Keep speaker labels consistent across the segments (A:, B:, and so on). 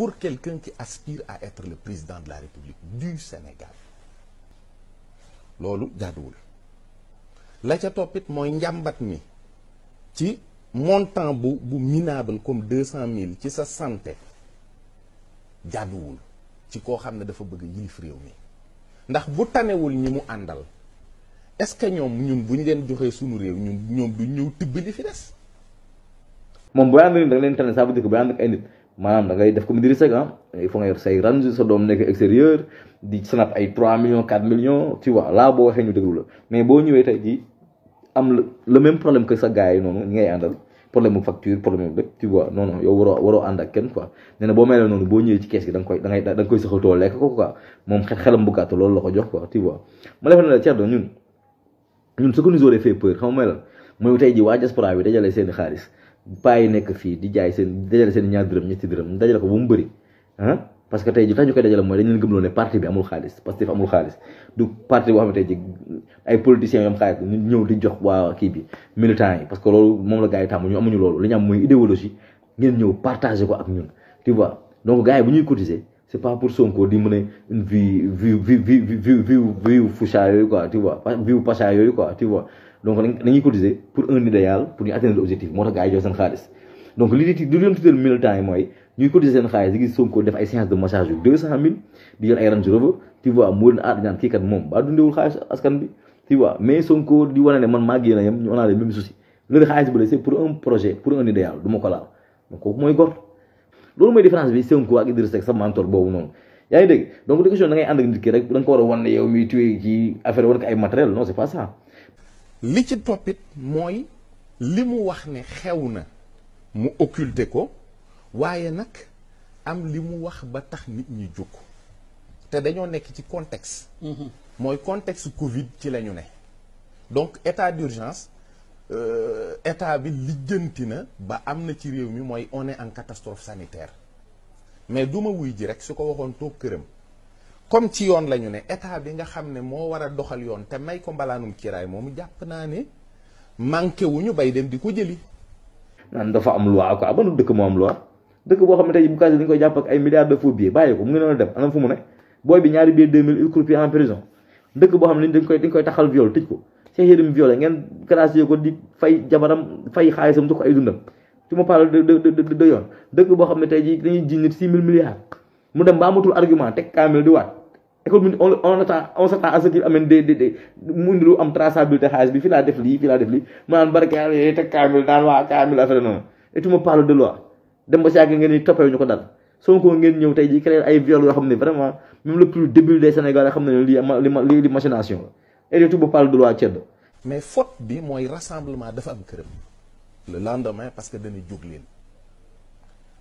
A: pour quelqu'un qui aspire à être le président de la République du Sénégal loolu jaaduwul la ca toppit mooy njàmbat mi ci montant bu bu minable comme deux cent mille ci sa santé jaaduwul ci koo xam ne dafa bëgg yilif réew mi ndax bu tanewul ñi mu àndal est-ce que ñoom ñun bu ñu leen joxee suñu réew ñun ñoom du ñëw tibb li fi des.
B: moom boo ànd da nga leen tane saa bu dëkk boo ànd ak ay nit. maanaam dangay def comme Idrissa Seck ah il faut nga yor say range sa doom nekk extérieur di snap ay 3 millions 4 millions tu vois là boo waxee ñu déglu la mais boo ñëwee tey yi noonu ñi ngay àndal problème mu boo ñëwee ci kees gi da nga koy da ngay da nga koy saxatoo lekk ko quoi moom xel xelam loolu la ko jox quoi tu vois. ma defoon ne la Thierno ñun ñun ce que nous aurait fait peur xam nga mooy lan mooy tey jii waa diaspora bi dajale seen xaalis. bàyyi nekk fii di jaay seen dajale seen ñaar dërëm ñetti dërëm dajale ko ba mu bëri ah parce tey ji tax ñu dajale mooy dañ leen gëmloo ne parti bi amul xaalis Pastef amul xaalis du parti boo xam ne tey ji ñëw di jox waa kii bi militants yi parce que loolu moom la gars yi tàmm ñu amuñu loolu li ñu am mooy idéologie ngeen ñëw partagé ko ak ñun tu vois donc gars yi bu ñuy cotiser c' est pas pour Sonko di mën a une vie vie vie vie yooyu quoi donc dañuy cotiser pour un idéal pour ñu atteindre l'objectif moo tax gars yi seen xaalis donc li di li doon tuddee militant yi mooy ñuy cotiser seen xaalis di gis Sonko def ay séance de massage yu deux cent mille di yor ay range Rover tu vois moo leen aar ñaan kii kat moom baa dundewul xaalis askan bi tu vois mais Sonko di wane man maa génn yam ñu on a les mêmes soucis loolu xaalis bi la c'est pour un projet ko loolu mooy différence bi Sonko ak Idrissa Seck sa mentor boobu noonu yaa ngi dégg donc question da ngay ànd ak nit ki rek da ko war a wan ne yow miy tuye ci affaire wan ko ay matériel non c'est pas ça li ci toppit
A: mooy li mu wax ne xew na mu occulter ko waaye nag am li mu wax ba tax nit ñi jóg te dañoo nekk ci contexte mm-hmm. mooy contexte Covid ci la ñu ne donc état d'urgence Euh, état bi lijjanti na ba am na ci réew mi mooy on est en catastrophe sanitaire mais du ma wuy ji rek su ko waxoon toog këram comme ci yoon la ñu ne état bi nga xam ne moo war a doxal yoon te may ko mbalaanum kiiraay moomu jàpp naa ne
B: manqué wu ñu bay dem di ko jëli. naan dafa am loi quoi ban dëkk moo am loi dëkk boo xam ne tey bu kaas dañu koy jàpp ak ay milliards de faux billets bàyyi ko mu ngi noonu dem anam fu mu ne booy bi ñaari billets deux mille il croupit prison dëkk boo xam ne dañ koy dañ koy taxal viol tëj xëyérim violé ngeen gracier ko di fay jabaram fay xaalisam du ko ay dundam tu parle de de de yoon dëkk boo xam ne tey jii dañuy ji nit six mille milliards mu dem ba amatul teg kaamil di waat école bi on on lu am traçabilité xaalis bi fii def lii fii def lii mu naan barke yàlla teg kaamil naan waa kaamil affaire noonu et tu ma parle de loi dem ba si yàgg ngeen ni toppee ñu ko dal Sonko ngeen ñëw tey jii créer ay viol yoo xam ne vraiment même le plus débile des Sénégalais xam ne li li li machination la et bu parle de ceddo
A: mais faute bi mooy rassemblement dafa am këram le lendemain parce que dana jóg leen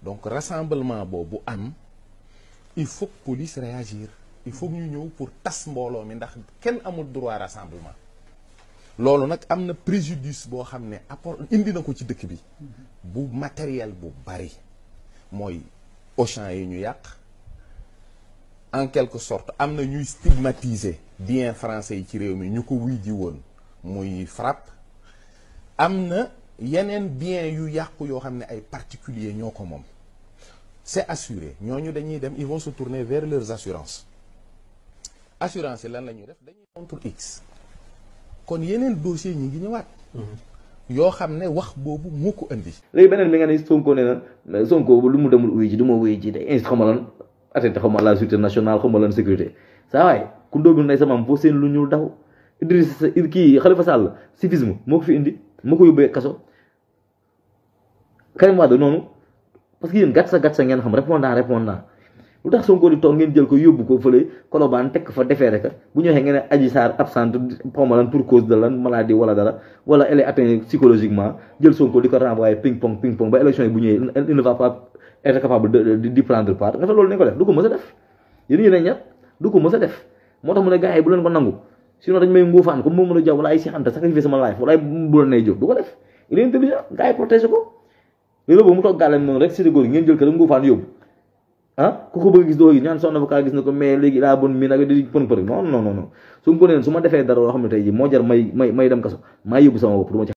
A: donc rassemblement boobu am il faut que police réagir il faut ñu ñëw pour tas mbooloo mi ndax kenn amul droit rassemblement loolu nag am na préjudice boo xam ne apport indi na ko ci dëkk bi bu matériel bu bari mooy Auchan yi ñu yàq en quelque sorte am na ñuy stigmatiser bien français yi ci réew mi ñu ko wuy ji woon muy frappe am na yeneen bien yu yàqu yoo xam ne ay particulier ñoo ko moom c'est assuré ñooñu dañuy dem ils vont se tourner vers leurs assurances assurance yi lan la ñuy def dañuy contre x kon yeneen dossier ñi ngi ñëwaat mm-hmm. yoo xam ne wax boobu moo ko indi
B: léegi beneen bi nga ne Sonko nee na Sonko lu mu demul wuy ji du ma wuy ji de instru xama lan atteinte xama la sûreté nationale xama lan sécurité saa waay ku ndóobul nday sama am foo seen lu ñuul daw Idrissa kii Khalifa Sall civisme moo ko fi indi moo ko yóbbee kaso Karim Wade noonu parce que yéen gàtt sa gàtt sa ngeen xam répondant naa répondant naa lu tax Sonko di toog ngeen jël ko yóbbu ko fële Colobane teg fa defee rek bu ñëwee ngeen ne Adji Sarr absente xaw ma lan pour cause de lan maladie wala dara wala elle est atteinte psychologiquement jël Sonko di ko renvoyé ping pong ping pong ba élection ko def du ko mës a def yéen du ko mës a def. moo tax mu ne gars yi bu leen ko nangu sinon dañ may nguufaan comme moom mën a jaw wala ay si anta sacrifice sama life wala ay bu leen nay jóg du nguufaan yóbbu ah ku ko bëgg gis doo gis ñaan son avocat gis na ko mais léegi laa bon mi nag di pën pën non non su ma ko defee dara loo xam ne tey ji moo jar may may may dem kaso maa yóbbu sama bopp du ma ci